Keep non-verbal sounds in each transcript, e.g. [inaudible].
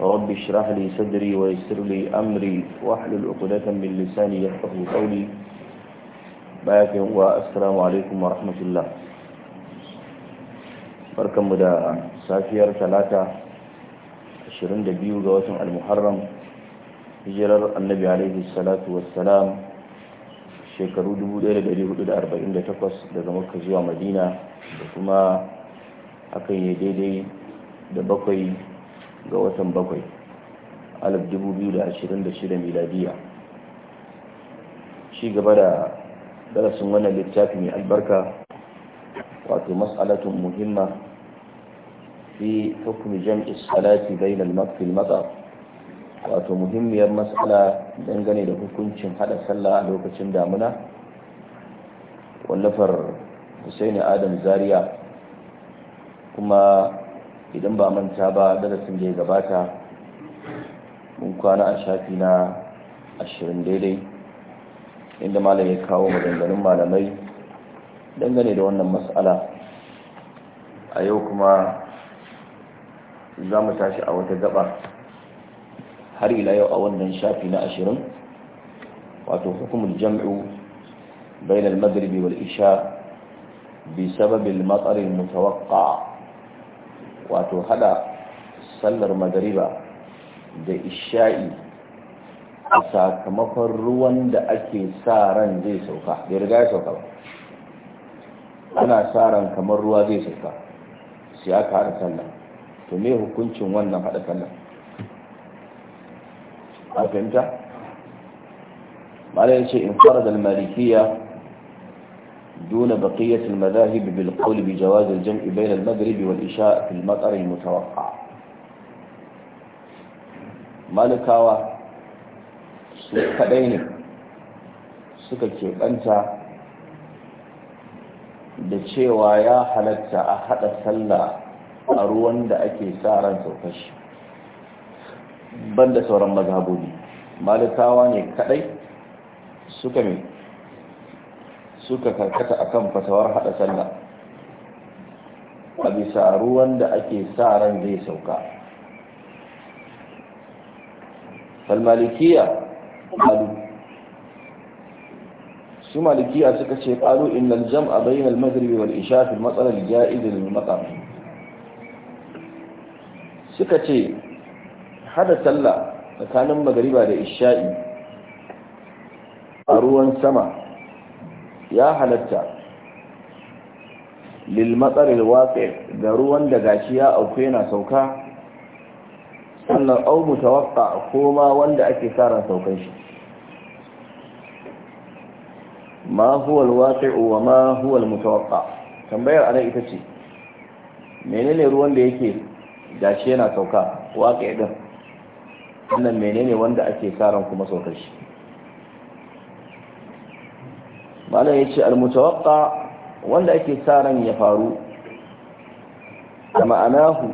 رب اشرح لي صدري ويسر لي أمري واحلل عقدة من لساني يفقه قولي باك والسلام عليكم ورحمة الله barkan mu da safiyar talata 22 ga watan al hijirar annabi alaihi salatu wassalam shekaru 1448 daga makka zuwa madina da kuma hakan daidai da bakwai ga watan bakwai alif dubu biyu da ashirin da shida miladiya ci gaba da darasin wannan littafi mai albarka wato mas'alatun muhimma fi hukumi jam'i salati bainal maqfil matar wato muhimmiyar mas'ala dangane da hukuncin hada sallah a lokacin damuna wallafar Husaini Adam Zaria kuma idan ba manta ba darasin da ya gabata mun kwana a shafi na ashirin daidai inda malam ya kawo maganganun malamai dangane da wannan matsala a yau kuma za mu tashi a wata gaba har ila yau a wannan shafi na ashirin wato hukumin jam'u bainal magribi wal isha bi sababil matsarin mutawaqqa wato hada sallar magariba da isha'i sakamakon ruwan da ake sa ran zai sauka da riga ya sauka ba ana sa ran kamar ruwa zai sauka sai aka hada sallah to me hukuncin wannan hada sallah a fahimta malai ce in fara da malikiya دون بقية المذاهب بالقول بجواز الجمع بين المغرب والإشاء في المطر المتوقع مالكاوة سكدين سكتي أنت da cewa ya halatta a haɗa sallah a ruwan da ake sa ran saukar shi sauran mazhabobi malikawa ne kadai suka suka karkata akan fasawar hada sallah a bisa ruwan da ake sa ran zai sauka falmalikiya ƙalu su malikiya suka ce ƙalu innal jam'a bayyanar maghribi wal isha fi matsalar ja'izin matsa. suka ce hada sallah tsakanin magariba da isha'i a ruwan sama ya halatta lilmatsarar waƙe ga ruwan da gashi ya auku yana sauka sannan auku wakka ko ma wanda ake tsara saukan shi ma huwa waƙi'u wa ma huwa mutawakka tambayar anan ita ce menene ruwan da yake gashi yana sauka ya ɗin wannan menene wanda ake tsaran kuma saukan shi malam ya ce almutawakka wanda ake ran ya faru da ma'anahu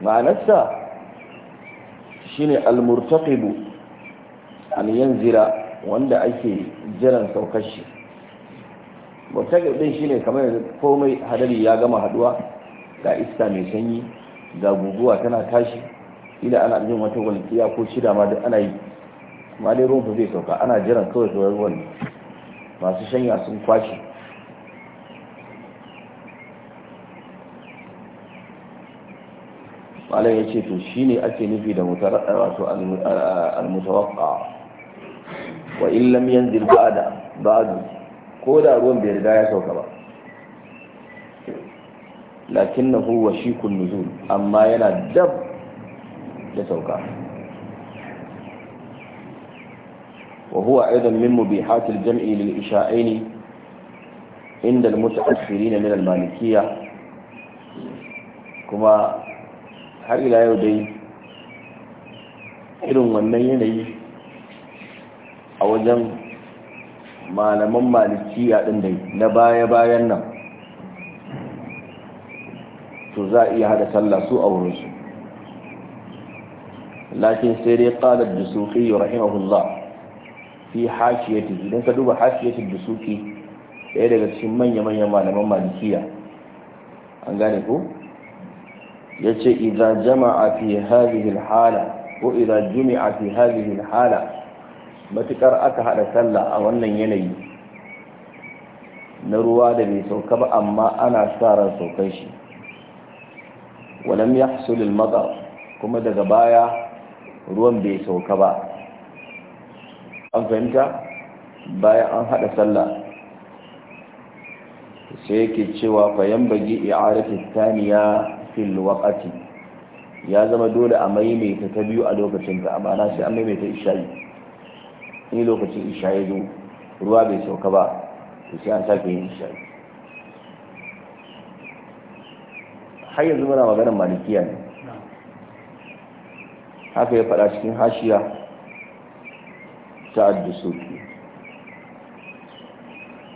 ma'anarsa shi ne almurtaƙibu aliyan zira wanda ake jiran saukar shi murtaƙib ɗin shi ne kamar komai hadari ya gama haduwa ga iska mai sanyi ga guguwa tana tashi ila ana jin wata walƙiya ko shida ma duk ana yi ma dai ruwan zai sauka ana jiran kawai tsoron wani. masu shanya sun kwashe malam ya ce to shi ne ake nufi da wato almutawaka wa illam ba ba'adu ko da ruwan bai riga ya sauka ba lakinnahu wa shi nuzul amma yana dab da sauka mu bi من مبيحات الجمع للإشاءين inda المتأخرين من na كما Kuma ila yau dai irin wannan yanayi a wajen malaman malikiya ɗin dai na baya-bayan nan to za a iya haɗa sallah su a wurinsu lakin sai dai ƙalar da sufi rahimahullah fi hashiyati idan ka duba hashiyatin da suke ɗaya daga cikin manya-manyan malaman malikiya an gane ko ya ce idan jama'a fi hazihil hala ko idan jumi'a fi hazihil hala matukar aka haɗa sallah a wannan yanayi na ruwa da bai sauka ba amma ana sa ran saukar shi walam ya hasulil matsar kuma daga baya ruwan bai sauka ba an fahimta bayan an hada sallah sai yake cewa fayan bagi i'arati taniya fil waqti ya zama dole a maimaita ta biyu a lokacin ta amma na sai an maimaita isha'i in lokacin isha'i zo ruwa bai sauka ba to sai an sake yin isha'i har yanzu muna maganar malikiya ne haka ya faɗa cikin hashiya سعد السوكي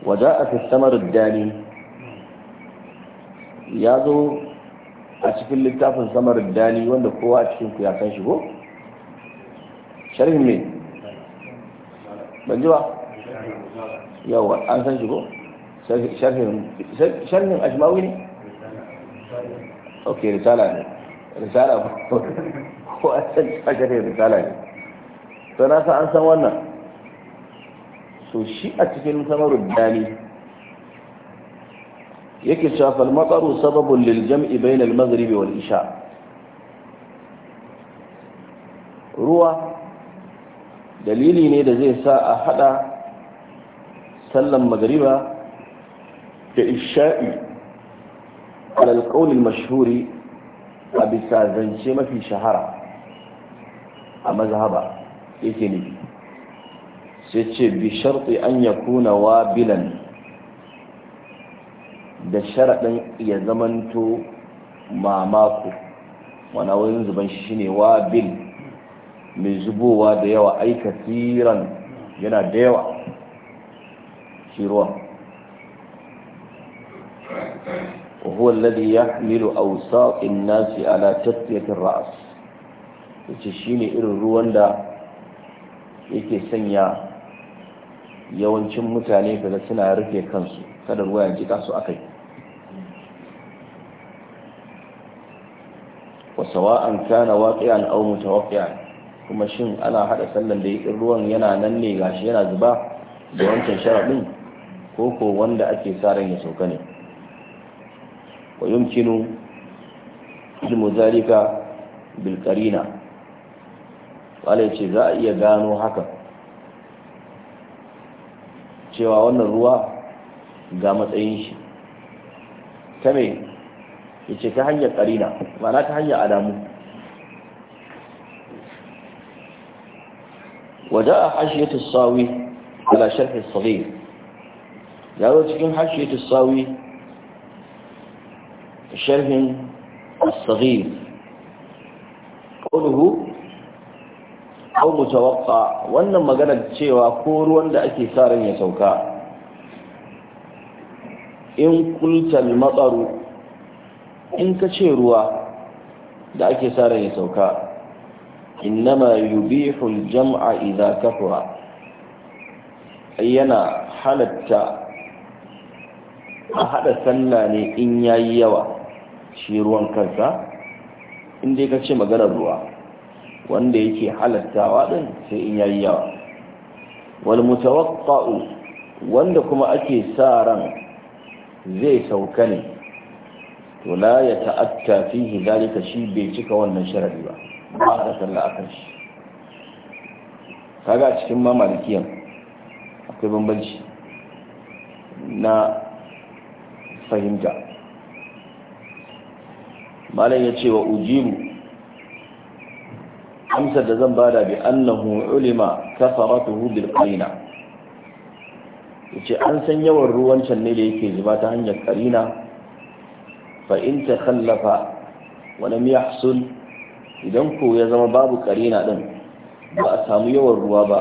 وجاء في الثمر الداني يازو أشكل للتاف الثمر الداني وأن قوة أشكل قياسا شبه شرح مين من جوا يوا أنسان شبه شرح شرح أجمعوي ني أوكي رسالة رسالة هو أسن شرح رسالة to an san wannan so shi a cikin samarun dani yake cewa falmakaru sababin liljam'i bayan almazaribi wal isha ruwa dalili ne da zai sa a hada sallan magariba da isha'i alalƙaunin mashhuri a bisa zance mafi shahara a mazhaba yake ne sai ce bi sharti an ya kuna wa bilan da sharaɗin ya zamanto mamako wana wurin zuban shi shine wa bil mai zubowa da yawa aika tsiran yana da yawa shi ruwan وهو الذي يحمل ra'as. الناس ce shi ne irin ruwan da. yake sanya yawancin mutane kada suna rufe kansu kada ruwa ya jika su akai wa sawa'an kana waqi'an aw mutawaqqi'an kuma shin ana hada sallan da yakin ruwan yana nan ne gashi yana zuba da wancan sharadin ko ko wanda ake sa ya sauka ne wa yumkinu ilmu zalika bil wale ce za a iya gano haka cewa wannan ruwa ga matsayin shi ta mai ya ce ta hanyar ƙarina mana ta hanyar adamu waje a hashiyatu sawi ala sharhi sahih ya zo cikin hashiyatu sawi sharhin sahih قوله aw mutawaqqa wannan maganar cewa ko ruwan da ake sa ran ya sauka in qulta al-mataru in ka ce ruwa da ake sa ran ya sauka innama yubihu al-jam'a idza kathura yana halatta a hada sallah ne in yayi yawa shi ruwan kansa in dai kace ce maganar ruwa wanda yake halattawa din sai in yayi yawa wal mutawaqqa'u wanda kuma ake sa ran zai sauka ne to la ya ta'atta fihi dalika shi bai cika wannan sharadi ba ba a sallah akan shi kaga cikin mamalikiyan akwai bambanci na fahimta malam ya ce wa ujibu amsar da zan bada bi annahu ulima kafaratuhu bil qarina yace an san yawan ruwan can ne da yake zuba ta hanyar qarina fa in takhallafa wa lam yahsul idan ko ya zama babu qarina din ba a samu yawan ruwa ba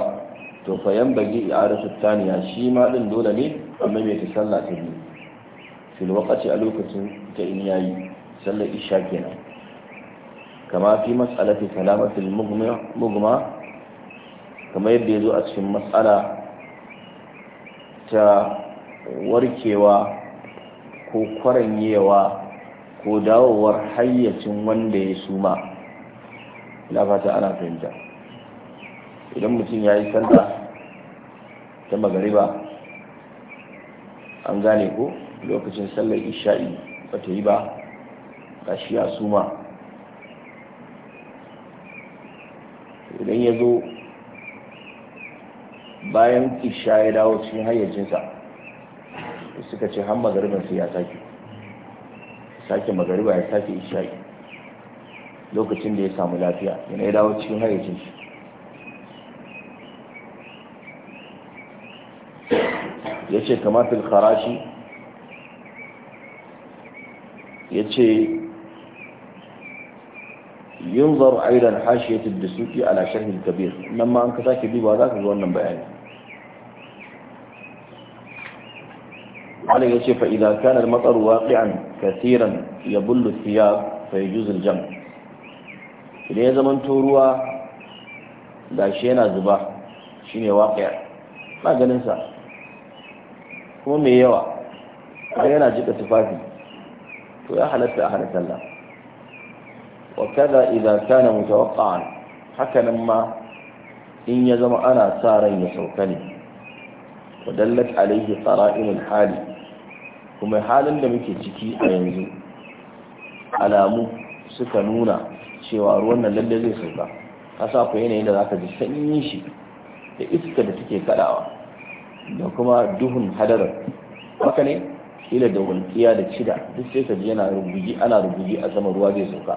to fa yanbaghi i'adatu taniya shi ma din dole ne amma mai ta sallah ta biyu fil waqti a lokacin ta in yayi sallar isha kenan kama fi mas'alati salamatul mugma kama yadda ya zo a cikin mas'ala ta warkewa ko kwaranyewa ko dawowar hayyacin wanda ya suma na fata ana fahimta idan mutum ya yi sallah ta magariba an gane ko lokacin sallar isha'i ba ta yi ba ga shi ya suma idan ya zo bayan isha ya dawo cikin hayyacinsa suka ce har magariban sai ya sake sake magariba ya sake isha lokacin da ya samu lafiya yana ya dawo cikin hayyacinsa ya ce kamar filkara shi ya ce yunzaru aidan hashiyatu dasuki a sharh al-kabir nan ma an ka sake za ka ga wannan bayani Allah ya ce idan kana al-matar waqi'an kaseeran yabullu thiyab fa yajuz al-jam idan ya zaman to ruwa gashi yana zuba shine waqi'a ba ganin sa kuma mai yawa har yana jika tufafi to ya halatta a hana sallah وكذا إذا كان متوقعا حكى لما إن يزم أنا سارا يسوكني ودلت عليه قرائن الحال كما حالا لم a أينزو alamu suka nuna cewa ruwan nan lalle zai sauka kasafa ku yanayin da zaka ji sanyin shi da iska da take kadawa da kuma duhun hadarar haka ne kila da walƙiya da cida duk sai ka ji yana rubuji ana rubuji a sama ruwa zai sauka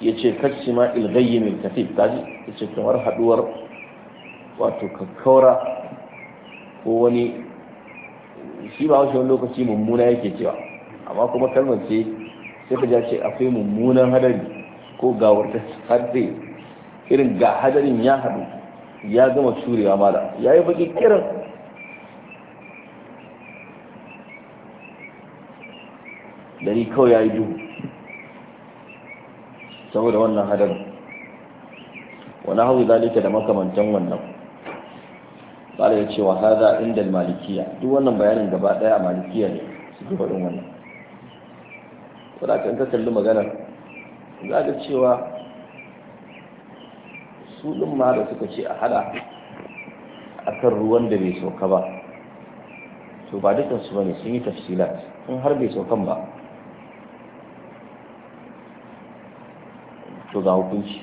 ya ce kashi ma ilgayi mai katif kaji ya ce kamar haduwar wato kakkaura ko wani shi ba wasu wani lokaci mummuna yake cewa amma kuma kalmar ce sai ka ce akwai mummunan hadari ko gawar ta hadari irin ga hadarin ya hadu ya gama ma da ya yi baki kiran dari kawai ya yi duhu saboda wannan hadarin wani hau zalika da makamantan wannan bala ya ce wa haza inda malikiya duk wannan bayanin gaba daya a malikiya ne ke faɗin wannan wadda ka kalli maganar za ga cewa su ɗin ma da suka ce a hada a kan ruwan da bai sauka ba to ba dukansu ba ne sun yi tafsila in har bai saukan ba kaza hukunci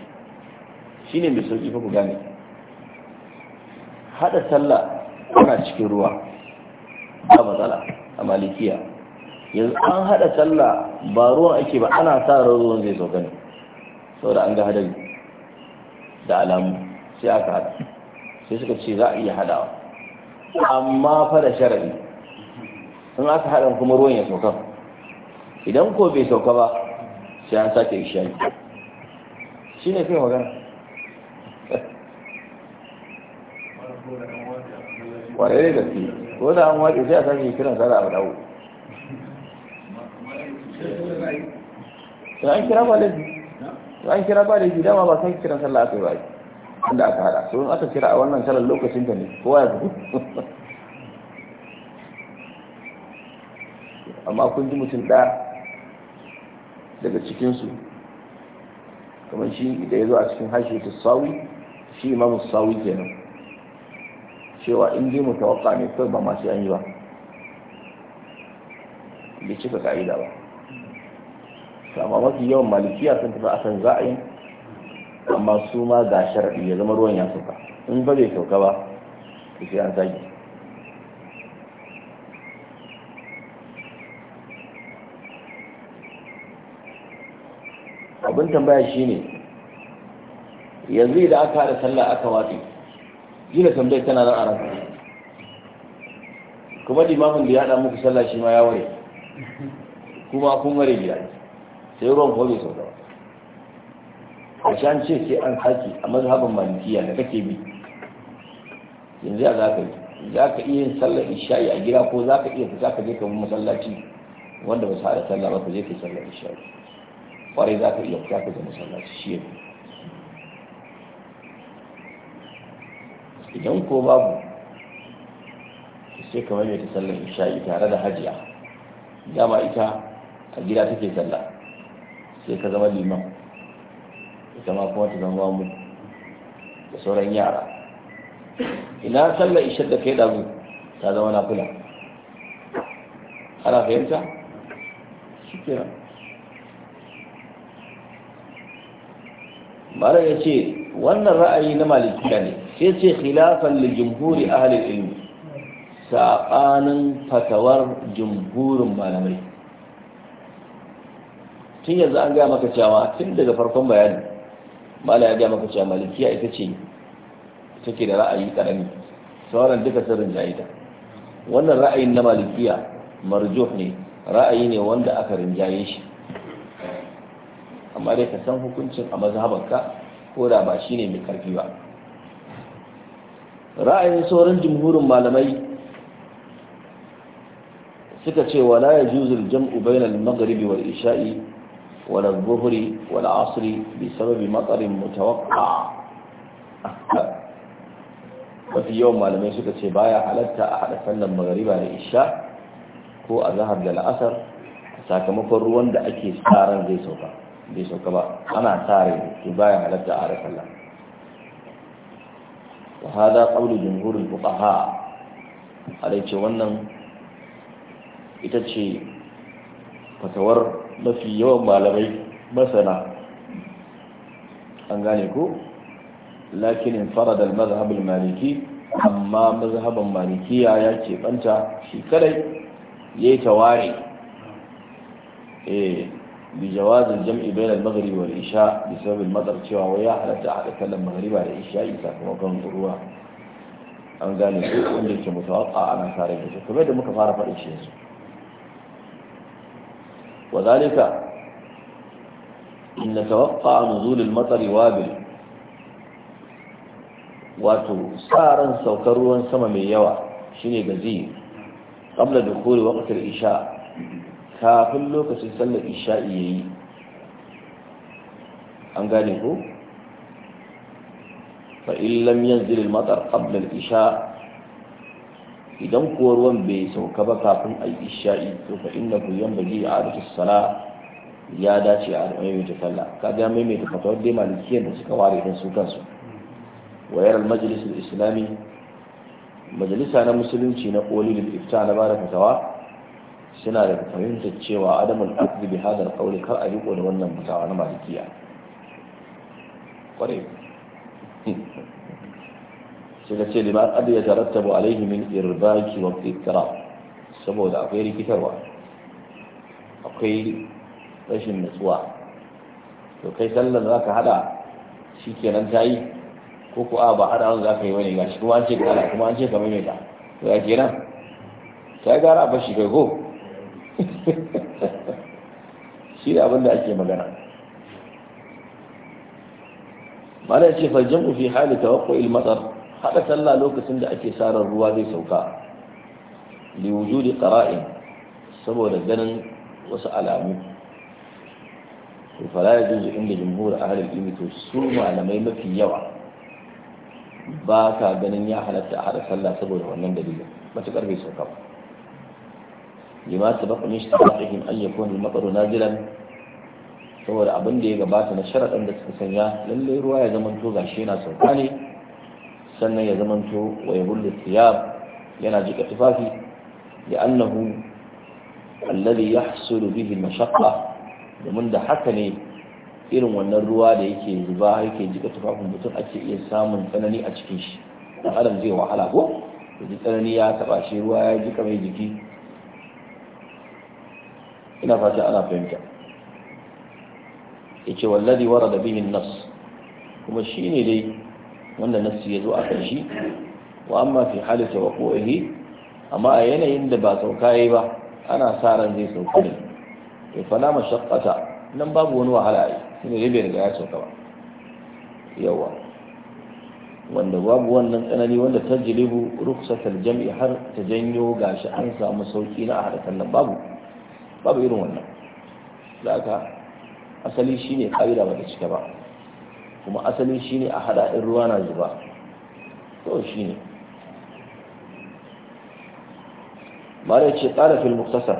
ne mai sauƙi fa ku gane haɗa sallah ana cikin ruwa ba matsala a malikiya yanzu an haɗa sallah ba ruwan ake ba ana sa ruwan zai zo gani saboda an ga hadari da alamu sai aka haɗa sai suka ce za a iya haɗawa amma fara da sun aka haɗa kuma ruwan ya sauka idan ko bai sauka ba sai an sake ishari shi ne fi magana ƙwararre da fi ko da an waƙe sai a sami kiran sa da abu dawo sai an kira ba laifi sai an kira ba laifi dama ba sai kiran sallah aka yi ba wanda aka hada so in aka kira a wannan sallar lokacin ta ne kowa ya fi [laughs] amma kun ji mutum ɗaya daga cikinsu kamar shi da ya zo a cikin hashe ta sawi shi imamu sawi kenan cewa in dai mutawakka ne kawai ba masu yanyi ba bai cika ka'ida ba amma mafi yawan malikiya sun tafi akan yi amma su ma ga sharaɗi ya zama ruwan ya sauka in ba zai sauka ba ta sai an zagi abin tambaya shi ne yanzu idan aka haɗa sallah aka wafi jina tambayi tana nan a ranka kuma limamin da ya haɗa muku sallah shi ma ya ware kuma kun ware gida sai ruwan ko bai sauka a shan an ce sai an haƙi a mazhaban malikiya da kake bi yanzu a zaka yi za ka iya yin sallah isha'i a gida ko za ka iya fita ka je ka masallaci wanda ba su haɗa sallah ba ka je ka sallah isha'i kwarai za ka iya za ka zama sallaci shi yadda idan ko babu sai mai ta sallar isha'i tare da hajiya dama ita a gida take sallah sai ka zama liman ita ma kuma ta zama mu da sauran yara ina sallar isha da kai dazu ta zama na kula ana fahimta shi kenan mara ya ce wannan ra'ayi na malikiya ne sai ce khilafan li jumhuri ahli ilmi saɓanin fatawar jumhurin malamai tun yanzu an gaya maka cewa tun daga farkon bayani mala ya gaya maka cewa malikiya ita ce take da ra'ayi karami sauran duka sirrin jayita wannan ra'ayin na malikiya marjuh ne ra'ayi ne wanda aka rinjaye shi amma dai ka san hukuncin a mazhabanka ko da ba shine mai karfi ba ra'ayin sauran jumhurin malamai suka ce wala yajuzul jam'u bainal maghribi wal isha'i wala dhuhri wal 'asri bi sababi matarin mutawaqqa mafi yawan malamai suka ce baya halatta a hada sallan magariba da isha ko a zahar da la'asar sakamakon ruwan da ake tsaron zai sauka bai sauka ba ana tsare su bayan halatta a sallah wa hada qawlu bukaha a ce wannan ita ce fatawar mafi yawan malamai masana an gane ko lakinin faradar mazhabin maliki amma mazhabin malikiya ya ce banta shi kadai yayi ware eh بجواز الجمع بين المغرب والعشاء بسبب المطر تشوى ويا على تكلم مغرب على عشاء كما وكان ضروا ان قال يقول انك متوقع على تاريخ فبدا متفارق الاشياء وذلك ان توقع نزول المطر وابل واتو سارا سوكروا سما من يوا شنو قبل دخول وقت العشاء kafin lokacin sallar isha'i ya yi an gane ko fa'in lam yanzu da matar ƙablar isha idan kuwa ruwan bai sauka ba kafin a isha'i to fa'in na kuyan bagi a arzikin sala ya dace a maimaita sallah kaga maimaita fatawar dai malikiyar da suka ware don su kansu wayar majalisar islami majalisa na musulunci na kolin ifta na bada fatawa suna da fahimtar cewa adamul akdi bi hadal qawli kar a riko da wannan mutawa na malikiya kware [laughs] sai na ce liman adi ya tarattabu alaihi min irbaki wa fitra saboda akwai rikitarwa akwai rashin nutsuwa to kai za zaka hada shi kenan tayi ko ko a ba hada wanda zaka yi wani gashi kuma an ce kana kuma an ce ka maimaita to ya kenan sai gara ba shi kai ko [laughs] shi da abinda ake magana mana ce farjan ufi hali tawakko ilmatsar haɗa sallah lokacin da ake sarar ruwa zai sauka liwujudi ƙara'in saboda ganin wasu alamu to fara da juzu inda jumhur a harin ilmi to su malamai mafi yawa ba ka ganin ya halatta a haɗa sallah saboda wannan dalilin matuƙar bai sauka ba lima sabaqa min sharaɗihim an yakuna al-maqru saboda abin da ya gabata na sharaɗin da suka sanya lallai ruwa ya zamanto gashi yana sauka ne sannan ya zamanto wa ya bulli siyab yana jika tufafi da annahu alladhi yahsulu bihi mashaqqa domin da haka ne irin wannan ruwa da yake zuba yake jika tufafin mutum ake iya samun tsanani a cikin shi dan adam zai wahala ko ji tsanani ya taɓa shi ruwa ya jika mai jiki ina fata ana fahimta ce wallazi wara da an-nas kuma shi ne dai wanda nassi yazo akan shi wa amma fi halati waqu'ihi amma a yanayin da ba sauka yayi ba ana sa ran zai sauka ne to fala mashaqqata nan babu wani wahala ai shine dai da riga ya sauka ba yawa wanda babu wannan tsanani wanda tajlibu rukhsatal jam'i har ta janyo gashi an samu sauki na a harkar nan babu babu irin wannan da aka asali shine ka'ida ba ta cika ba kuma asali ne a haɗa in ruwa na zuba to shine mara ce tsara fil muktasar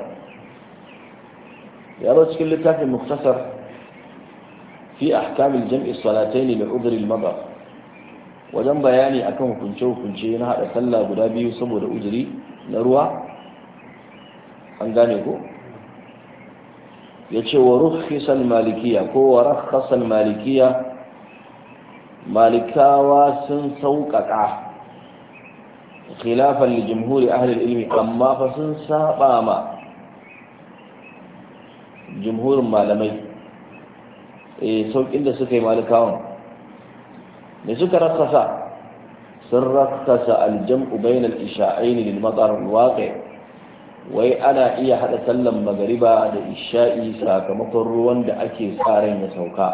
ya zo cikin littafin muktasar fi ahkamil jam'i salatayn li mai al madar wajen bayani akan hukunce hukunce na hada sallah guda biyu saboda uzuri na ruwa an gane ko ya ce wa rufisan malikiya ko wa rafasan malikiya malikawa sun sauƙaƙa khilafan li jumhuri ahlul ilmi amma fa sun saba ma jimhurin malamai eh saukin da suka yi malikawan me suka rakkasa sun rakkasa aljam'u bainal isha'aini lil matar wai ana iya haɗa sallan magariba da isha'i sakamakon ruwan da ake tsarin ya sauka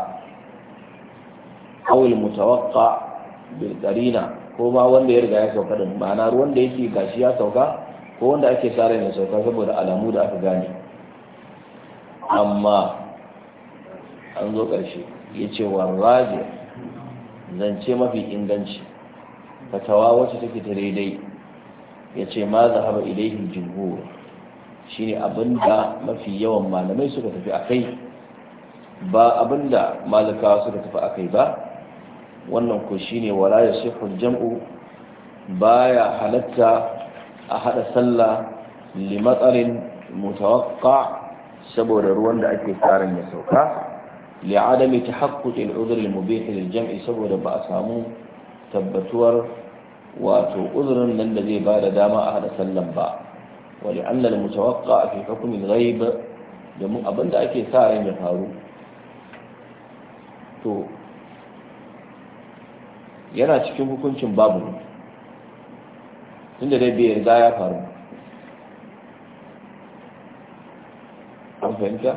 awil mutawakka bil karina ko ma wanda ya riga ya sauka da ma'ana ruwan da yake gashi ya sauka ko wanda ake tsarin ya sauka saboda alamu da aka gane amma an zo ƙarshe ya ce wa rajiya zance mafi inganci fatawa wacce take ta daidai ya ce ma zahaba ilaihin jimhur shine abinda mafi yawan malamai suka tafi akai ba abinda malakawa suka tafi akai ba wannan ko shine wala yasihul jam'u baya halatta a hada sallah limatsarin mutawaqqa saboda ruwan da ake tsarin ya sauka li'adami tahaqquqil udhr al-mubih lil-jam'i saboda ba a samu tabbatuwar wato uzurin nan da zai ba da dama a hada sallan ba wani annal mutawakka a fi hukumin ghaib domin abin da ake sa ran ya faru to yana cikin hukuncin babu tunda dai bai riga ya faru an fahimta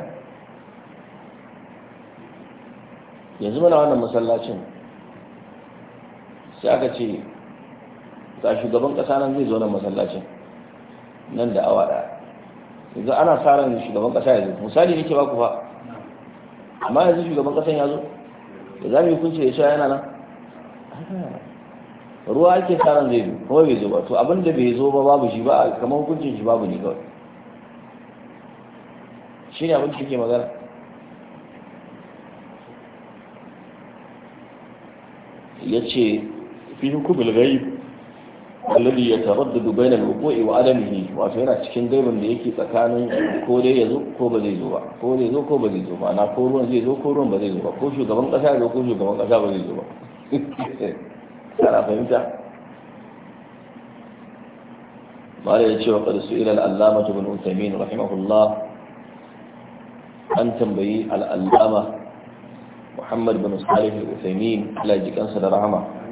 yanzu mana wannan masallacin sai aka ce ga shugaban ƙasa nan zai zo nan masallacin nan da awa ɗaya yanzu ana sa ran shugaban ƙasa yanzu, misali nake baku fa amma yanzu shugaban ƙasan ya zo da za mu yi kunce ya shi yana nan ruwa ake sa ran zai zo kuma bai zo ba to abin da bai zo ba babu shi ba kamar hukuncin shi babu ne kawai shi ne abin da ke magana ya ce fi hukumul ghaib alladhi yataraddadu bayna al-wuqu'i wa adamihi wato yana cikin gaibin da yake tsakanin ko dai yazo ko ba zai zo ba ko dai zo ko ba zai zo ba na ko ruwan zai zo ko ruwan ba zai zo ba ko shugaban kasa ya zo ko shugaban kasa ba zai zo ba kana fahimta mala ya ce wa qad su'ila al-allama ibn uthaymeen rahimahullah an tambayi al-allama muhammad bin salih al-uthaymeen Allah ya ji da rahama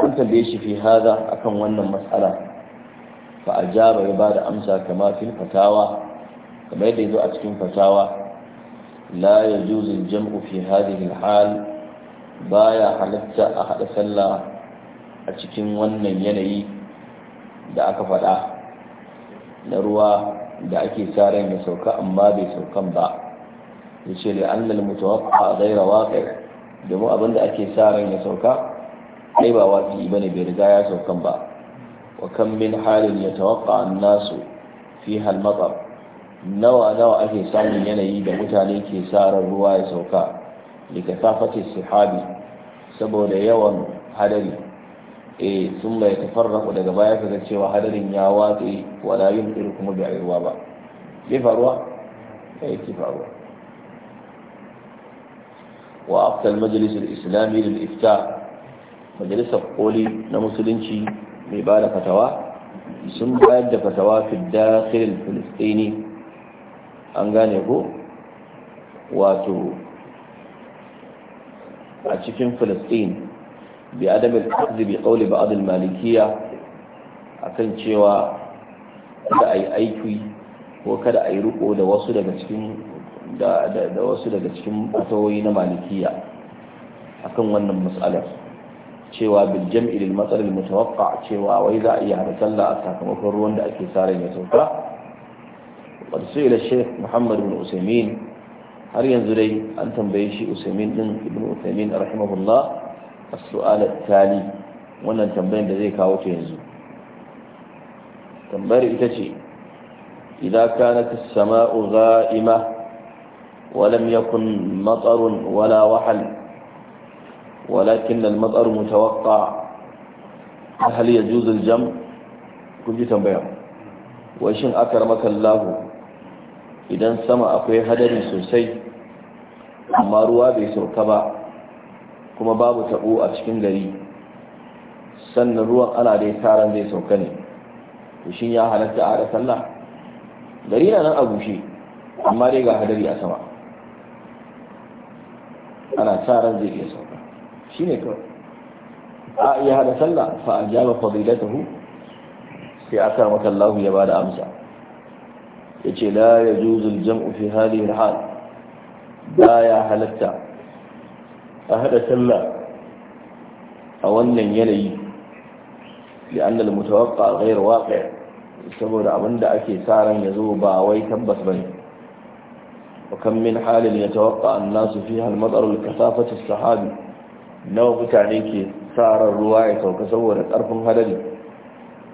an tabe shi fi haza akan wannan matsala fa ajaba ya bada amsa kama fil fatawa kamar yadda yazo a cikin fatawa la yajuzu al-jam'u fi hadhihi al-hal baya halatta a hada sallah a cikin wannan yanayi da aka faɗa na ruwa da ake sa ran ya sauka amma bai saukan ba yace li annal mutawaqqa ghayra waqi' domin abinda ake sa ran ya sauka ai ba wafi bane bai riga ya saukan ba wa kan min halin ya tawakka nasu fi halmatsar nawa nawa ake samun yanayi da mutane ke sarar ruwa ya sauka likasafati sihabi saboda yawan hadari eh sun bai tafarraku daga baya kaga cewa hadarin ya watse wala yin iri kuma bai ruwa ba bai faruwa eh ki faruwa wa aftal Majalisar islami lil-ifta majalisar koli na musulunci mai ba da fatawa sun bayar da fatawa fidda filin filistini an gane ko wato a cikin filistin bi adamin kazi bi kauli ba adal malikiya akan cewa kada a yi aiki ko kada a yi da wasu daga cikin da wasu daga cikin na malikiya akan wannan matsalar cewa bil jam'i lil matsal al mutawaqqa cewa wai za a iya hada sallah a sakamakon ruwan da ake sa ya sauka qad su'ila shaykh muhammad ibn usaymin har yanzu dai an tambaye shi usaymin din ibn usaymin rahimahullah as-su'al at-tali wannan tambayar da zai kawo ta yanzu tambayar ita ce idza kanat as-sama'u gha'ima ولم يكن مطر ولا وحل ولكن المطر متوقع هل يجوز الجم كنت تنبيع وإشن أكرمك الله إذا سمع أقوي هدري سوسي أما روابي سوكبا كما باب تقوى أشكين غري سن روان أنا دي سارا دي سوكني وشين يا حالك تعالى سلا غرينا نان أبو شي أما ريقا هدري أسمع أنا سارا دي سوكني shine kawai a iya hada sallah fa ajaba fadilatahu sai aka maka Allah ya bada amsa yace la yajuzu al-jam'u fi hadhihi al-hal Da ya halatta a hada sallah a wannan yanayi لأن المتوقع غير واقع saboda abinda ake sa ran ya zo ba wai tabbas bane wa kam min halin yatawaqqa an-nasu fiha al-madar al-kasafati as-sahabi nawa mutane ke tsarar ruwa ya sauka saboda ƙarfin hadari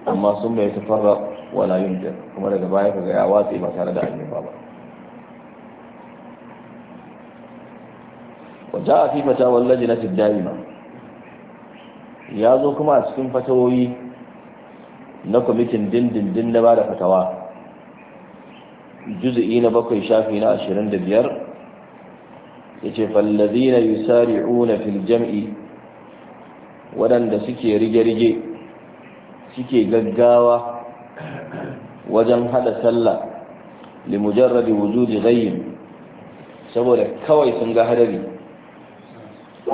amma sun mai tafarra wala yin jar kuma daga baya ka ga ya watsi ba tare da hanyar ba wajen a fi fatawar lajinatin ma ya zo kuma a cikin fatawoyi na kwamitin dindindin na ba da fatawa juzi'i na bakwai shafi na ashirin da biyar yace fallazina yusari'una fil jam'i waɗanda suke rige-rige suke gaggawa wajen hada sallah li wujudi ghayyin saboda kawai sun ga hadari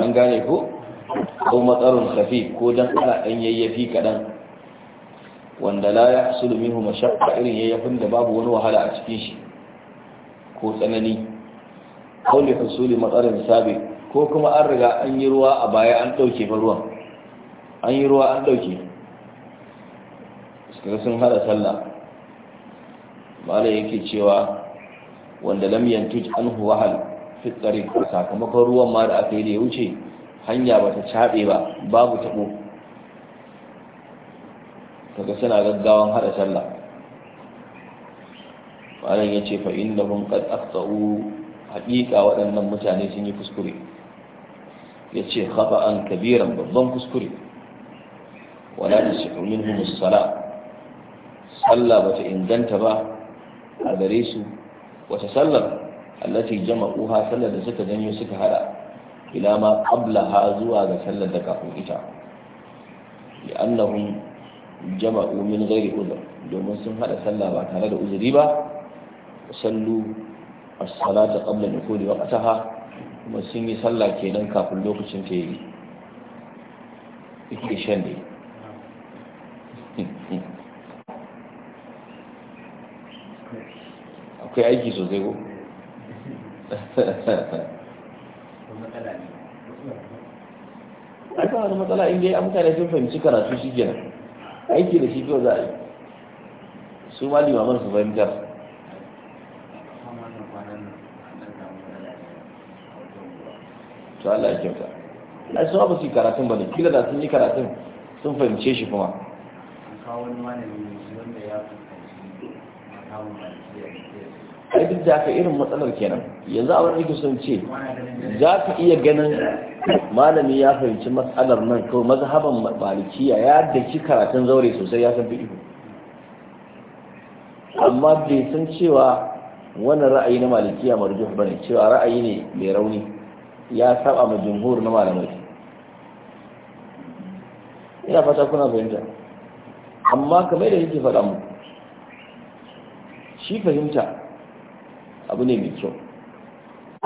an gane ko ko matsarin safi ko dan ana yayyafi kaɗan? wanda la yahsulu minhu mashaqqa irin yayyafin da babu wani wahala a cikin shi ko tsanani kauli hasuli matsalar sabi ko kuma an riga an yi ruwa a baya an ɗauke fa ruwan an yi ruwa an ɗauke sun hada sallah mala yake cewa wanda lam tuj an wahal fi tsari sakamakon ruwan ma da aka yi da ya wuce hanya ba ta caɓe ba babu taɓo daga suna gaggawan hada sallah malam ya ce fa da hunkar aqta'u haƙiƙa waɗannan mutane sun yi kuskure ya ce haɓa an kabiran babban kuskure wala da su ƙulmin Sala, sallah bata inganta ba a gare su wata sallar allati jama'uha sallar da suka janyo suka hada ila ma ha zuwa ga sallar da kafin ita li'annahum jama'u min ghairi udhr domin sun hada sallah ba tare da uzuri ba sallu as-salata qabla dukuli waqtaha kuma sun yi sallah kenan kafin lokacin ta yi ike shan ne akwai aiki sosai ko ai wani matsala in dai an mutane sun fahimci karatu shi gina, aiki da shi kyau za a yi su ma limamar su fahimtar su Allah ya kyauta su ba su karatun ba ne kila da sun yi karatun sun fahimce shi kuma ai duk da irin matsalar kenan yanzu a wani sun ce za ka iya ganin malami ya fahimci matsalar nan ko mazhaban malikiya ya daki karatun zaure sosai ya san fiƙi amma bai san cewa wani ra'ayi na malikiya marjuh bane cewa ra'ayi ne mai rauni ya saba ma jumhur na malamai ina fata kuna fahimta amma kamar da yake faɗa mu shi fahimta abu ne mai kyau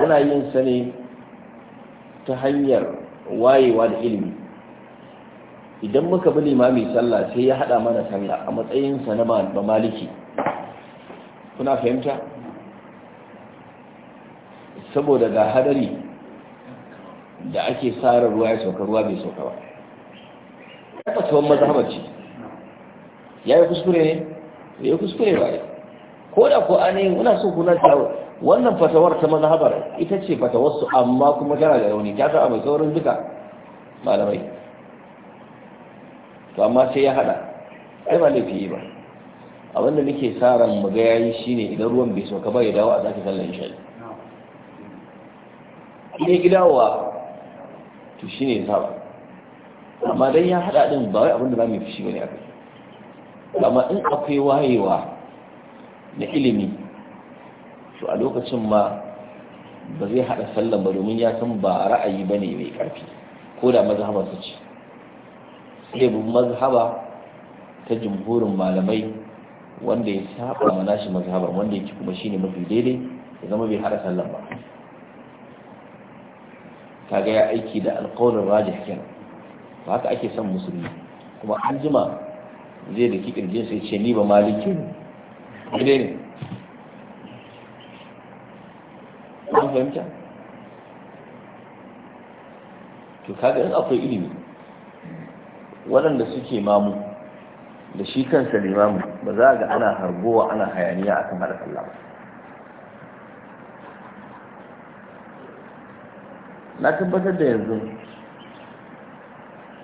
yana yin sa ne ta hanyar wayewa da ilimi idan muka bi limami sallah sai ya haɗa mana sallah a matsayinsa na maliki kuna fahimta saboda ga hadari da ake tsara ruwa ya sauka ruwa bai sauka ba ya fatuwan mazhabar ce ya yi kuskure ne ya yi kuskure ba ya ko da ko an yi wuna sun kuna ta wannan fatawar ta mazhabar ita ce fatawar su amma kuma tana da rauni ta sa mai saurin duka malamai to amma sai ya hada ai ba laifi ba abinda da nake sa ran mu ga shine idan ruwan bai sauka ba ya dawo a zaki sallan insha ne gidawa to ne ya amma dai ya hada din ba wai abin da za mu yi fushi bane akai amma in akwai wayewa na ilimi to a lokacin ma ba zai hada sallan ba domin ya san ba ra'ayi ba ne mai karfi ko da mazhabar su ce sai bu mazhaba ta jumhurin malamai wanda ya saba mana shi mazhaban wanda yake kuma shine mafi daidai ya zama bai haɗa sallan ba kaga ya aiki da alƙawarin rajin kenan ba haka ake son musulmi kuma an jima zai da ki kirjin sai ce ni ba maliki ne ne an fahimta to kaga in akwai ilimi waɗanda suke mamu da shi kansa limamu ba za ga ana harbowa ana hayaniya akan haɗa sallah ba na tabbatar da yanzu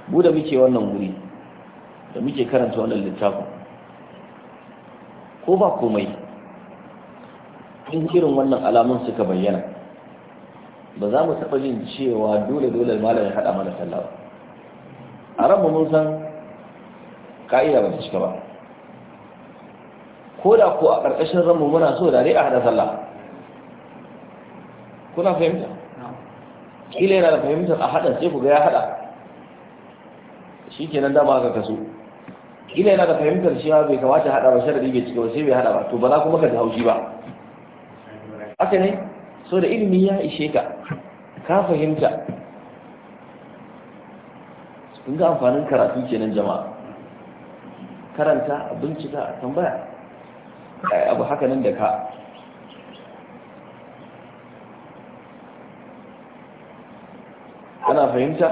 mu da muke wannan wuri da muke karanta wannan littafin ko ba komai in kiran wannan alamun suka bayyana ba za mu taɓa jin cewa dole dole malamin ya haɗa mana sallah ba a ranmu mun san ka'ida ba ta cika ba ko da ko a ƙarƙashin ranmu muna so da dai a haɗa sallah kuna fahimta kila yana da fahimtar a haɗa sai ku ga ya haɗa shi nan dama aka kaso kila yana da fahimtar shi bai kamata haɗa ba sharadi bai cika ba sai bai haɗa ba to ba za kuma ka ji haushi ba haka ne so da ilimi ya ishe ka ka fahimta kun ga amfanin karatu kenan jama'a karanta a bincika a tambaya abu haka nan da ka ana fahimta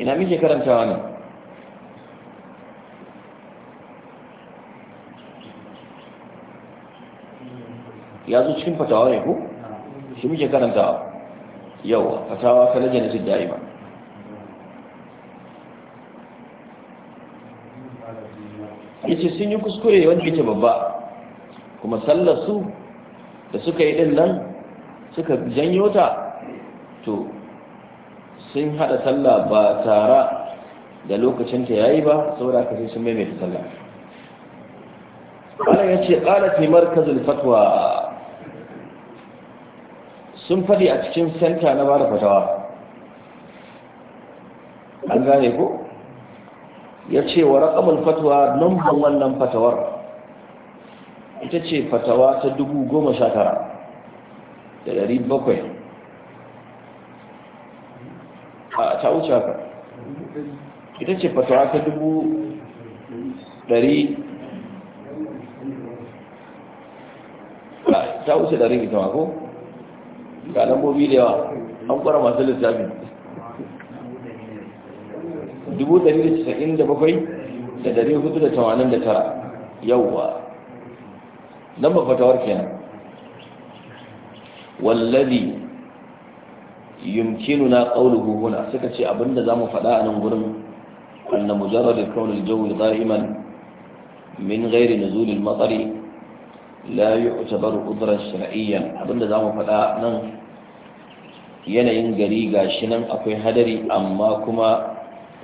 ina muke karantawa ne ya zo cikin fatawa ne ku? shi muke karantawa Yau, fatawa kalajen da su da'ima ce sun yi kuskure wanda yake babba kuma sallar su da suka yi din nan suka janyo ta to sun hada sallah ba tara da lokacinta ta yayi ba saboda aka sai sun maimaita sallah Allah ya ce qala fi fatwa sun fadi a cikin senta na bada fatawa an gane ko ya ce wa raqamul fatwa ban wannan fatawar ita ce fatawa ta dubu goma sha tara da dari bakwai a ta wuce haka ita ce fatawa ta dubu dari ta wuce dari ita mako ga lambobi da yawa an kwara masu lissafi dubu dari da da da bakwai dari hudu 497 yauwa dan ba fatawar kenan wallazi yumkinuna qawluhu huna suka ce abinda zamu faɗa a nan gurin anna mujarrad kawn al-jawl qa'iman min ghairi nuzul al-matar la yu'tabar udran shar'iyyan abinda zamu fada nan yanayin gari gashi nan akwai hadari amma kuma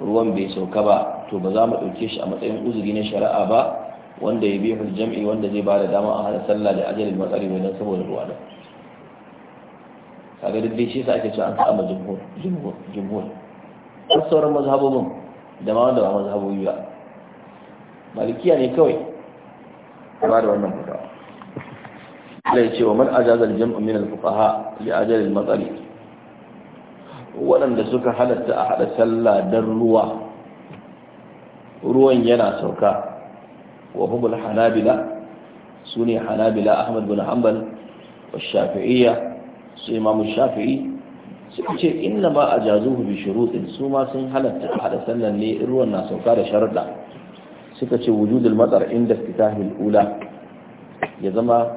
ruwan bai sauka ba to ba za mu ɗauke shi a matsayin uzuri na shari'a ba wanda ya bihu jam'i wanda zai ba da dama a hana sallah da ajalin matsari mai don saboda ruwa da kaga duk shi sa ake cewa an ka'ama jumhur jumhur jumhur sauran mazhabobin da ma wanda ba mazhabobi ba malikiya ne kawai ba da wannan fatawa Allah ya ce wa man ajaza al-jam'u min al-fuqaha li ajali matsari waɗanda suka halatta a hada sallah dan ruwa ruwan yana sauka wa humul hanabila su hanabila ahmad bin hanbal wa shafi'iyya su imamu shafi'i suka ce inna ma a jazuhu bi shurutin su ma sun halatta a hada sallan ne ruwan na sauka da sharuɗa suka ce wujudul matsar inda fitahil ula ya zama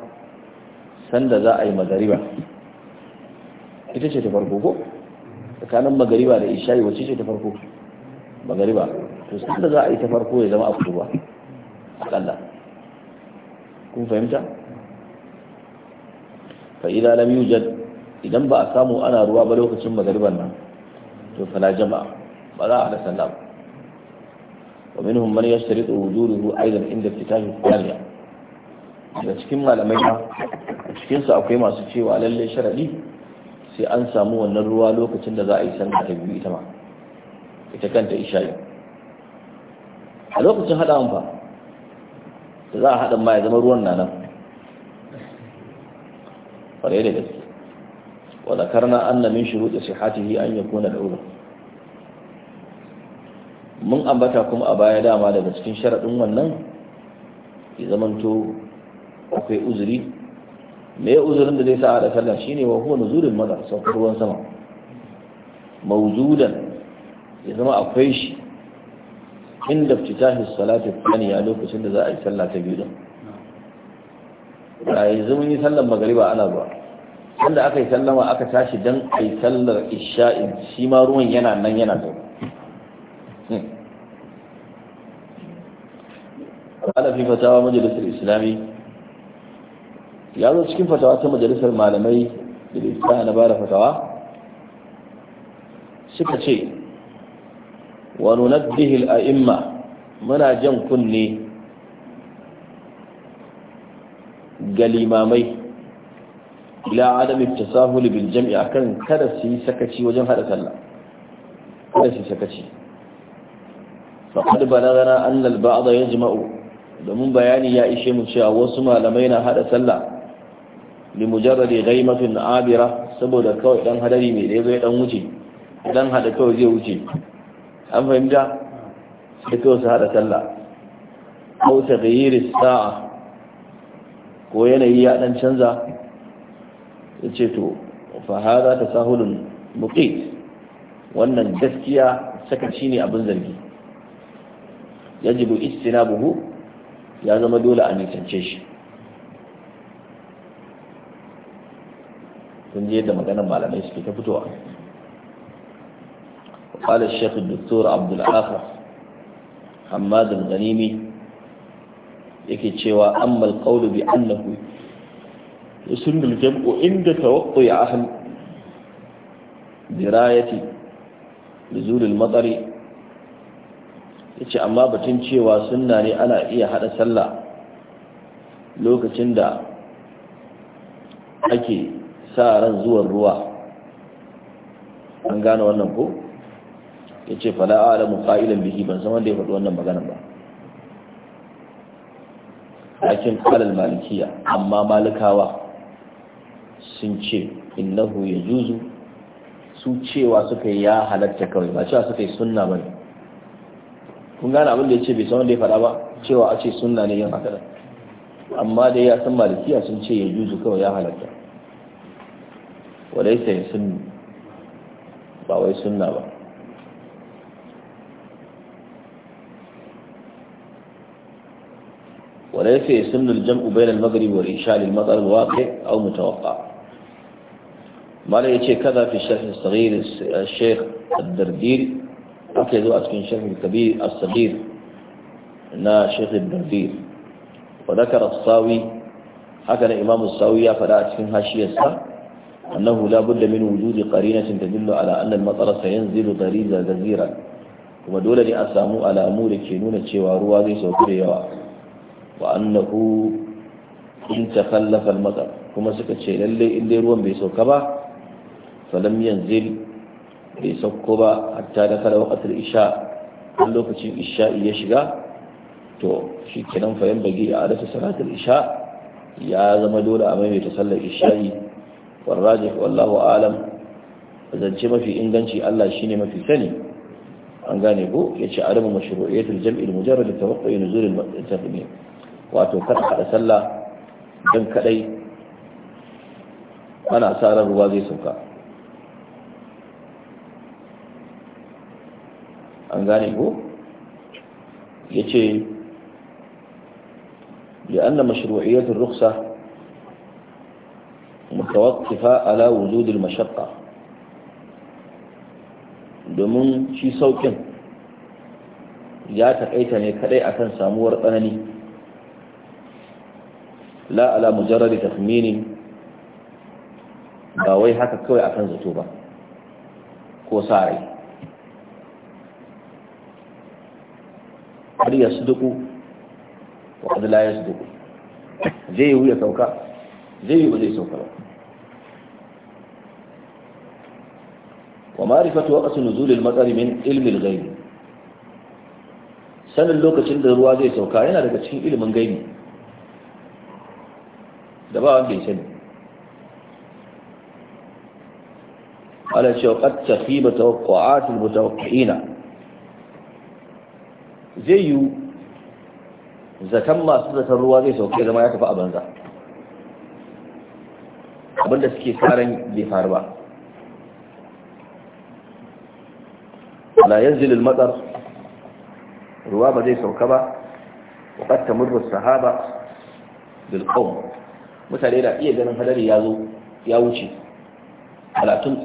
sanda za a yi magariba ita ce ta farko ko tsakanin magariba da wacce ce ta farko magariba to sanda za a yi ta farko ya zama a ba kun fahimta fa idza lam yujad idan ba a samu ana ruwa ba lokacin magariban nan to fala jama'a ba za a da sallah ba wa minhum man yashtaritu wujuduhu aidan inda fitahi thaniya da cikin malamai a cikin su akwai masu cewa lalle sharadi sai an samu wannan ruwa lokacin da za a yi sallah biyu ita ma ita a lokacin haɗa amfa. za a haɗin ma ya zama ruwan na nan ƙwarai da gaske karna zakarna anna min shuruɗi yi an yakuna daura mun ambata kuma a baya dama daga cikin sharaɗin wannan ya zamanto akwai uzuri me uzurin da zai sa da sallah ne wa huwa zurin madar saukar ruwan sama mawuzudan ya zama akwai shi inda fitahi salati tani a lokacin da za a yi sallah ta biyu da yanzu mun yi sallar magariba ana ba Sanda aka yi sallama aka tashi dan a yi sallar isha'in shi ma ruwan yana nan yana da ala fi fatawa majalisar islami ya zo cikin fatawa ta majalisar malamai da na bada fatawa suka ce wa a imma, muna jan kunne ga limamai ila adam ittasahul bil jam'i akan kada su yi sakaci wajen hada sallah kada su sakaci faqad balagana anna al ba'd yajma'u domin bayani ya ishe mu cewa wasu malamai na haɗa sallah li mujarradi ghaimatin abira saboda kawai dan hadari mai dai zai dan wuce dan hada kawai zai wuce an fahimta sai to su hada talla ko ta gayyiri sa'a ko yanayi ya dan canza ya ce to fa hada ta sahulun muqit wannan gaskiya sakaci ne abin zargi yajibu buhu ya zama dole a nisance shi kun je da maganar malamai suke ta fitowa قال الشيخ الدكتور عبد العافى حماد الغنيمي yake cewa ammal qawlu bi annahu yusunnul jam'u inda tawaqqu'i ahl dirayati nuzulul matari yace amma batun cewa sunna ne ana iya hada sallah lokacin da ake sa ran zuwan ruwa an gane wannan ko ya ce ala mu ƙa'ilan bihi ban san wanda ya faɗi wannan magana ba lakin kalal malikiya amma malikawa sun ce innahu ya juzu su cewa suka yi ya halatta kawai ba cewa suka yi sunna ba ne kun gane abin da ya ce bai san wanda ya faɗa ba cewa a ce sunna ne yin haka amma dai ya san malikiya sun ce ya juzu kawai ya halatta wadai sai sun ba wai sunna ba وليس يسن الجمع بين المغرب والعشاء للمطر الواقع أو متوقع ما لا يتشي كذا في الشرح الصغير الشيخ الدردير أكيد أسكن الشرح الكبير الصغير نا شيخ الدردير وذكر الصاوي هكذا إمام الصاوي فلا أسكن هاشي الصغير أنه لا بد من وجود قرينة تدل على أن المطر سينزل غريزا جزيرا kuma dole ne a samu alamu da ke nuna cewa ruwa zai sauki da yawa wa annahu in takhallafa al-matar kuma suka ce lalle in ruwan bai sauka ba falam yanzil bai sauko ba hatta da kada waqtar isha a lokacin isha ya shiga to shikenan fa yan bagi a isha ya zama dole a maimaita sallar isha'i wal rajih wallahu a'lam zance mafi inganci Allah shine mafi sani an gane ko yace arabu mashru'iyatul jam'il mujarrad tawaqqu'u nuzul al-taqdim wato kada kada sallah don kadai ana sa ruwa zai sauka an gane ko ya ce لأن مشروعية الرخصة متوقفة على وجود المشقة domin shi saukin ya taƙaita ne kaɗai akan samuwar tsanani la ala mujarrari tahmini ba wai haka kawai akan zato ba ko sa rai har ya suduku wa la ya suduku zai yi ya sauka zai yi wuya zai sauka ba wa ma'rifatu waqti nuzul al-matar min ilmi al-ghaib sanin lokacin da ruwa zai sauka yana daga cikin ilimin gaibi da ba wanda ya sani ala cewa qad tafiba tawqa'at almutawaqqi'ina zai yi zaton masu zaton ruwa zai sauke zama ya tafi a banza abinda suke faran bai faru ba la yanzilul matsar ruwa ba zai sauka ba وقد تمر sahaba بالقوم mutane na iya ganin hadari ya zo ya wuce halatun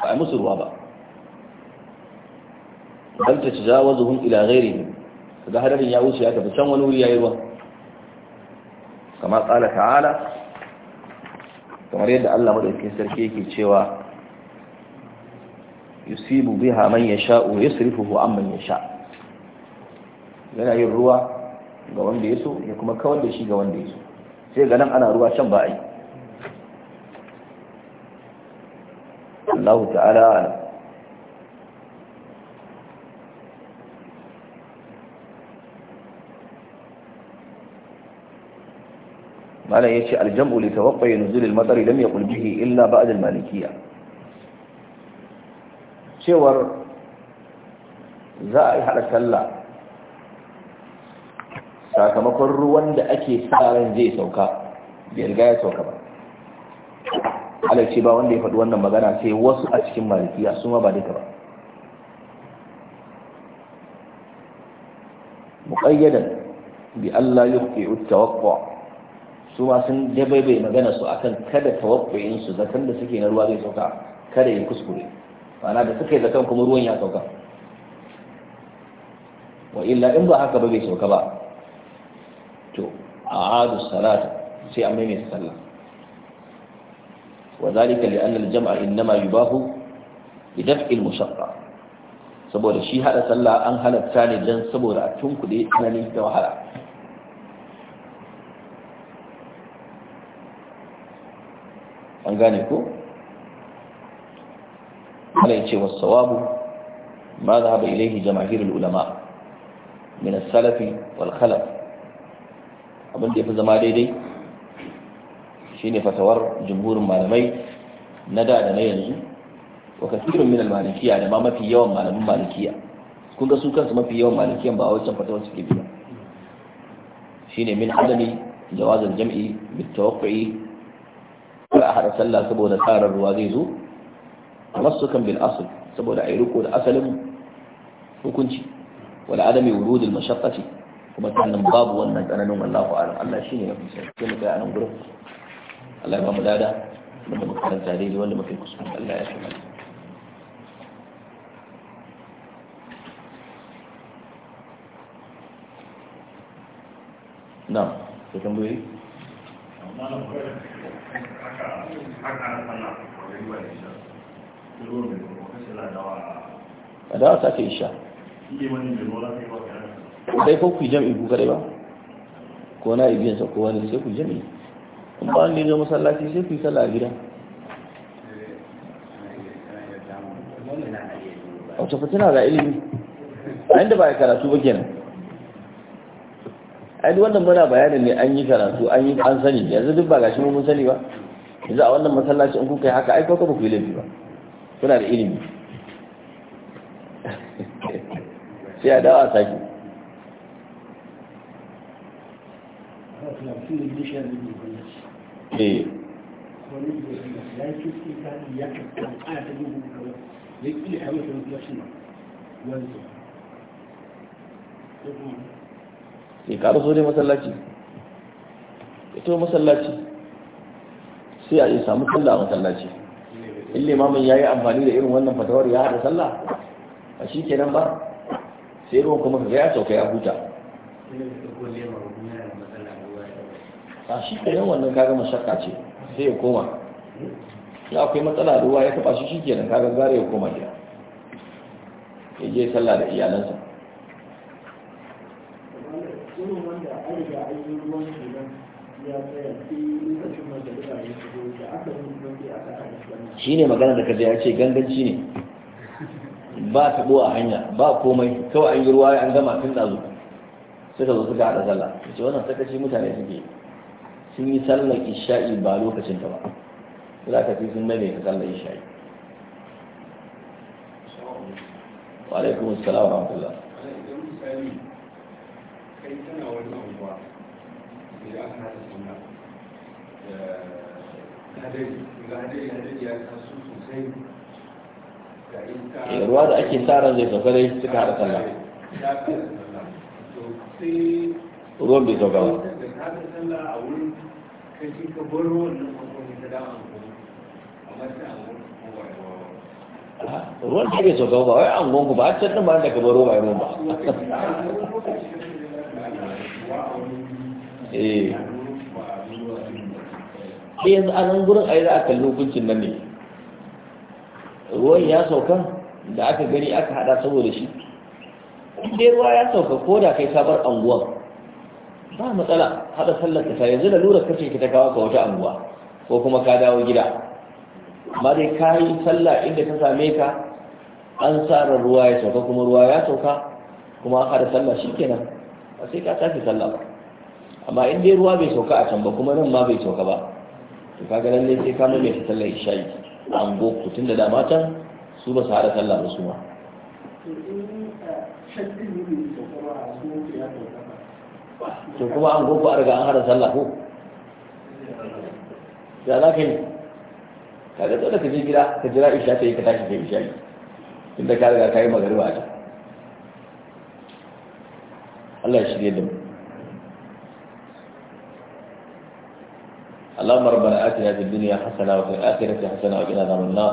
ba a musu ruwa ba bal ta ci zuhun ila ne ga hadarin ya wuce ya tafi can wani wuri ya yi ruwa kama tsala ta'ala kamar yadda Allah madaukakin sarki yake cewa yusibu biha man ya yasrifuhu an man sha. yana yin ruwa ga wanda ya so, ya kuma kawar da shi ga wanda ya so. sai ga nan ana ruwa can ba a yi Allahu ta'ala malam ya ce aljam'u li tawaqqi nuzul al-matar lam yaqul illa ba'd al cewar za a yi haɗa sallah sakamakon ruwan da ake sa ran zai sauka bai riga ya sauka ba halarci ba wanda ya faɗi wannan magana sai wasu a cikin malikiya su ma ba duka ba muƙayyadan bi Allah yuqi tawaqqa su ma sun dabaibai magana su akan kada tawaqqu'in su zakan da suke na ruwa zai sauka kada ya kuskure ma'ana da suka yi zakan kuma ruwan ya sauka wa illa in ba haka ba bai sauka ba أعاد Sallah. سي أمين الصلاة وذلك لأن الجمع إنما يباه لدفع المشقة saboda shi hada sallah an halatta ne don saboda a tunkuɗe tsanani da wahala an gane ko? ala ce wasu sawabu ma za haɓa ilaihi jama'irul ulama min salafi wal khalaf abin da ya fi zama daidai shine fasawar jumhurin malamai na da da na yanzu wa kasirun min al-malikiya da ma mafi yawan malamin malikiya kun ga su kansu mafi yawan malikiyan ba a wancan fatawar suke biya shine min adami jawaz al-jam'i bi tawqi'i ko a hada sallah saboda tsarin ruwa zai zo tamassukan bil asl saboda ayi riko da asalin hukunci wal adami wurud al-mashaqqati kuma sannan babu wannan tsananin wallahu alam Allah shine ya fusa sai mu ga nan gurin Allah ya ba mu dada wanda mu karanta dai wanda muke kusa Allah ya shirya na ta tambayi a dawa ta ke isha. Iya wani jirgin wala ta yi wa kayan dai ko ku jami'i ku kare ba ko na ibiyan sa ko wani sai ku jami'i in ba ni zo masallaci sai ku yi sallah gida a wata fitina ga ilimi a inda ba ya karatu ba kenan a duk wannan muna bayanin ne an yi karatu an yi an sani yanzu duk ba gashi mu mun sani ba yanzu a wannan masallaci in kuka yi haka ai kuka ba ku yi laifi ba kuna da ilimi [laughs] sai a dawa sake eh ya ƙara so dai masallaci ito masallaci sai a yi samu sallah a masallaci in limamin ya yi amfani da irin wannan fatawar ya haɗa sallah a shi kenan ba sai ruwan kuma ka ya sauka ya huta a shi kenan wannan kaga mashakka ce sai ya koma ya akwai matsala ruwa ya taba shi shikenan kaga gare ya koma gida ya je sallah da iyalansa shi ne magana da kaje ya ce ganganci ne ba taɓo a hanya ba komai kawai an yi ruwa an gama tun ɗazu suka zo suka haɗa zalla ce wannan sakaci mutane suke yi sun yi sallar isha'i ba lokacin ta ba za ka fi sun mai ka sallar isha'i wa alaikum assalam wa rahmatullah eh, ruwa da ake sa ran zai sauka dai suka haɗa sallah ruwan bai sauka ba ah, ruwan da ke sauka ba wai an gungu ba a can ɗin ba da kamar ruwa yamin ba eh yanzu a nan gurin a yi za a kalli hukuncin nan ne ruwan ya sauka da aka gani aka hada saboda shi in ruwa ya sauka ko da kai sabar anguwan ba matsala haɗa sallar ka yanzu da lura kashin ki ta kawo ka wata anguwa ko kuma ka dawo gida amma dai ka yi sallah inda ta same ka an tsara ruwa ya sauka kuma ruwa ya sauka kuma aka da sallah kenan ba sai ka tafi sallah ba amma in dai ruwa bai sauka a can ba kuma nan ma bai sauka ba to ka kaga lalle sai ka mai ta sallar yi an go tun da dama can su ba su haɗa sallah ba su ma. Eh, to kuma an goko a riga an hada sallah ko ya za ka yi ka ga ka je gida ka jira isha ta yi ka tashi ka isha yi inda ka riga ka yi magariba a can Allah ya shirye da mu اللهم ربنا آتنا في الدنيا حسنة وفي الآخرة حسنة وقنا عذاب النار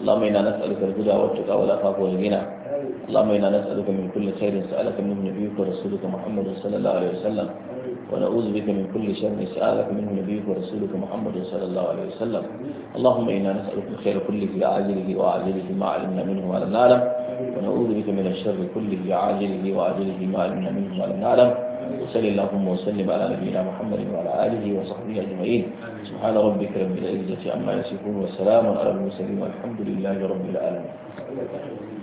اللهم إنا نسألك الهدى والتقى والعفاف والغنى اللهم إنا نسألك من كل خير سألك منه نبيك ورسولك محمد صلى الله عليه وسلم ونعوذ بك من كل شر سألك منه نبيك ورسولك محمد صلى الله عليه وسلم اللهم إنا نسألك الخير كله عاجله وعاجله ما علمنا منه ولم نعلم ونعوذ بك من الشر كله عاجله وعاجله ما علمنا منه ولم نعلم وصل اللهم وسلم على نبينا محمد وعلى آله وصحبه أجمعين سبحان ربك رب العزة عما يصفون وسلام على المرسلين والحمد لله رب العالمين